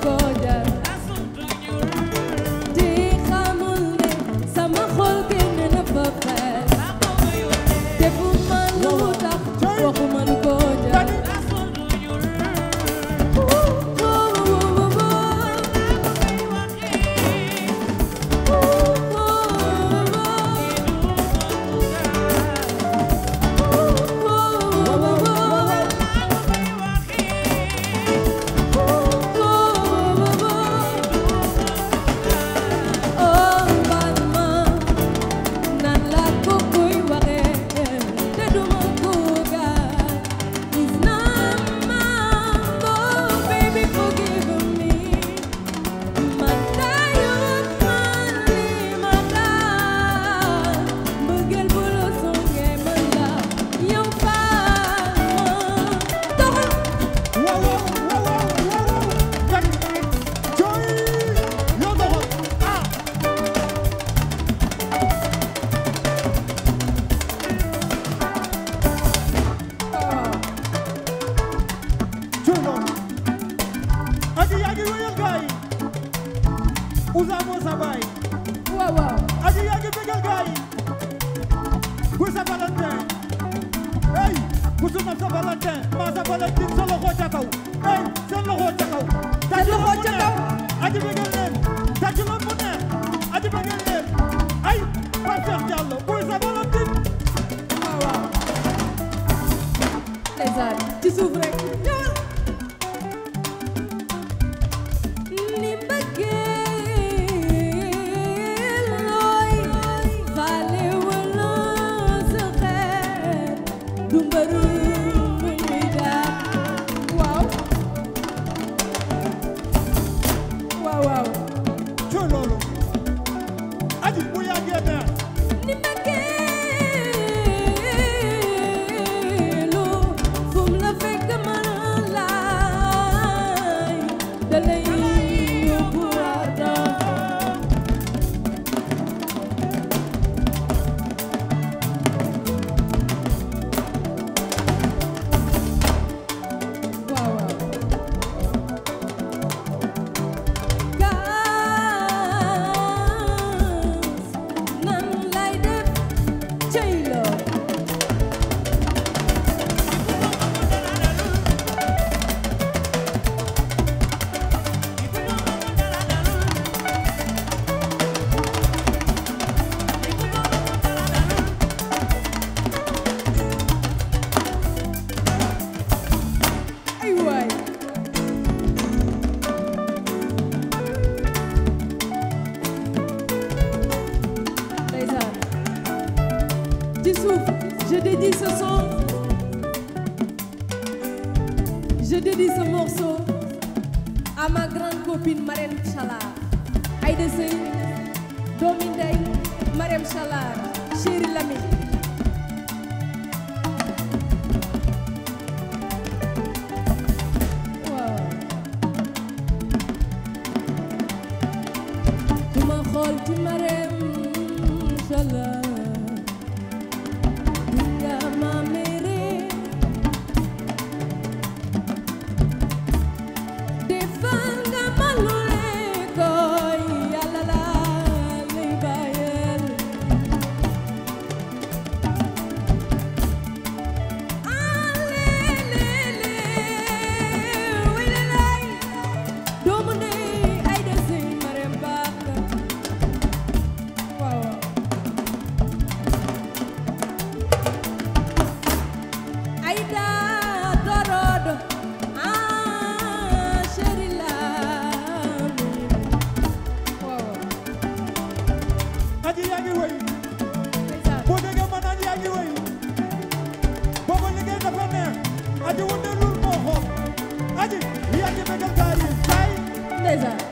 poder. duma Ouza moo sa baay waaw waaw Adi yaa ngi bëggal gaay bu sa Valentin hey musuma sa Valentin maa sa Valentin sa loxo ca kaw hey seen loxo ca kaw sa loxo ca kaw Adi bëggal leen la ce morceau à ma grande copine Marème Chalar Aïda Sey doomi ndey Marème Chalar chéri Lamine xool ci Marème Chalar déjà